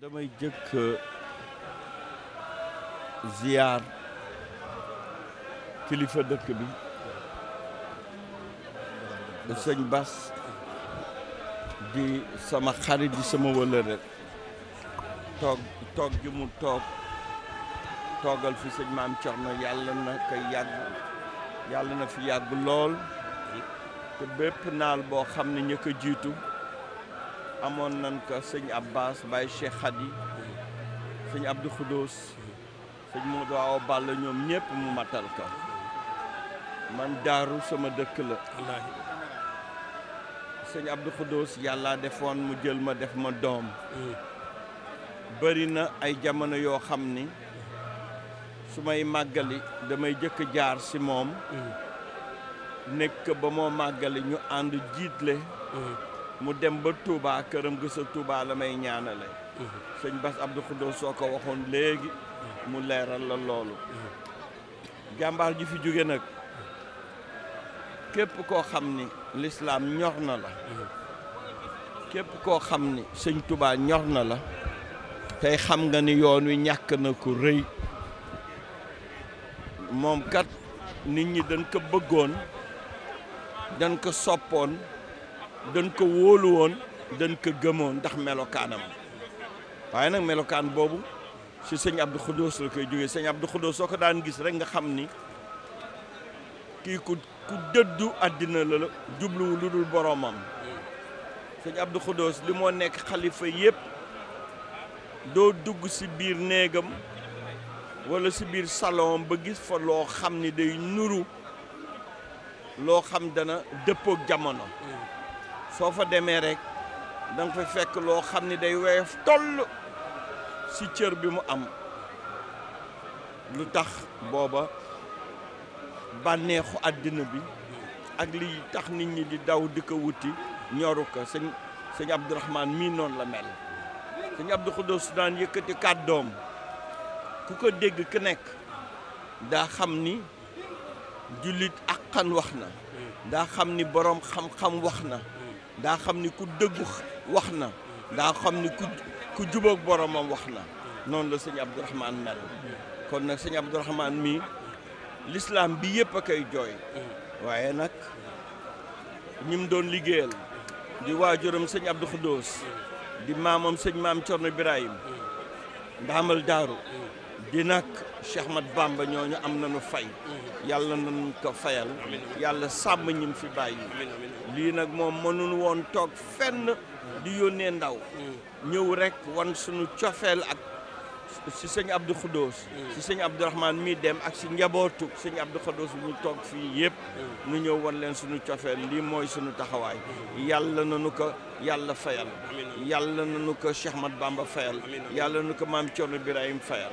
damay jëkk euh, ziyaar kilifa dëkk bi sëñ Bas di sama xarit di sama wëlëre toog toog toog toogal fi sëñ maam Cerno yàlla na ko yàgg yàlla na fi yàgg lool te bépp naal boo xam ne ña jiitu amoon nan ko sëñ Abbas Baye Cheikh Khady sëñ Abdou Khoudous sëñ Modou Awa Balla ñoom ñëpp mu matal ko man daaru sama dëkk la sëñ Abdou yàllaa defoon mu jël ma def ma doom hmm. bëri na ay jamono yoo xam ni su may màggali damay jëkk jaar si moom hmm. nekk ba moo màggali ñu ànd jiitle hmm. mu dem ba Touba këram gi sa Touba la may ñaanale sëñ Bass Abdou Khoudo soo ko waxoon léegi mu leeral la loolu jàmbaar ji fi jóge nag képp koo xam ni lislaam ñor na la képp koo xam ni sëñ Touba ñor na la tey xam nga ni yoon wi ñàkk na ku rëy moom kat nit ñi dañ ko bëggoon dañ ko soppoon dañ ko wóolu woon dañ ko gëmoon ndax melokaanam waaye nag melokaan boobu si sëñ Abdou Khoudous la koy jógee sëñ Abdou Khoudous soo ko daan gis rek nga xam ni kii ku ku dëddu àddina la la jubluwu lu dul boroomam sëñ Abdou Khoudous li moo nekk xalifa yépp doo dugg si biir néegam wala si biir salon ba gis fa loo xam ni day nuru loo xam dana dëppook jamono soo fa demee rekk danga nga fekk loo xam ni day woyof toll ci cër bi mu am lu tax booba bànneexu àddina bi ak li tax nit ñi di daw di ko wuti ñoru ko sëñ sëñ Abdourahmane mii la mel sëñ Abdou Khoudous daan yëkkati kàddoom ku ko dégg ki nekk daa xam ni jullit ak xan wax na daa xam ni boroom xam-xam wax na daa xam ni ku dëgg wax na daa xam ni ku ku jubóog boromam wax na noonu la sëñ Abdourahmane mel kon nag sëñ Abdourahmane mii l'islam bi yëpp a koy jooy waaye nag ñi mu doon liggéeyal di waajuram sëñ Abdou Khoudous di maamam sëñ maam Thierno Birahim ndaamal daaru di nag Cheikh Mat Bamba ñooñu am nañu fay yàlla nañu ko fayal yàlla sàmm ñim fi bàyyi lii nag moom mënul woon toog fenn di yónnee ndaw mm. ñëw rek wan suñu cofeel ak si sëñ Abdou Khoudous. si sëñ Abdou Rahman mi dem ak si njabootu sëñ Abdou Khoudous mu toog fii yëpp. nu ñëw wan leen suñu cofeel lii mooy sunu taxawaay. yàlla na nu ko yàlla fayal. yàlla na nu ko Cheikh Ahmad Bamba fayal. yàlla na ko maam Thierno Birahim fayal.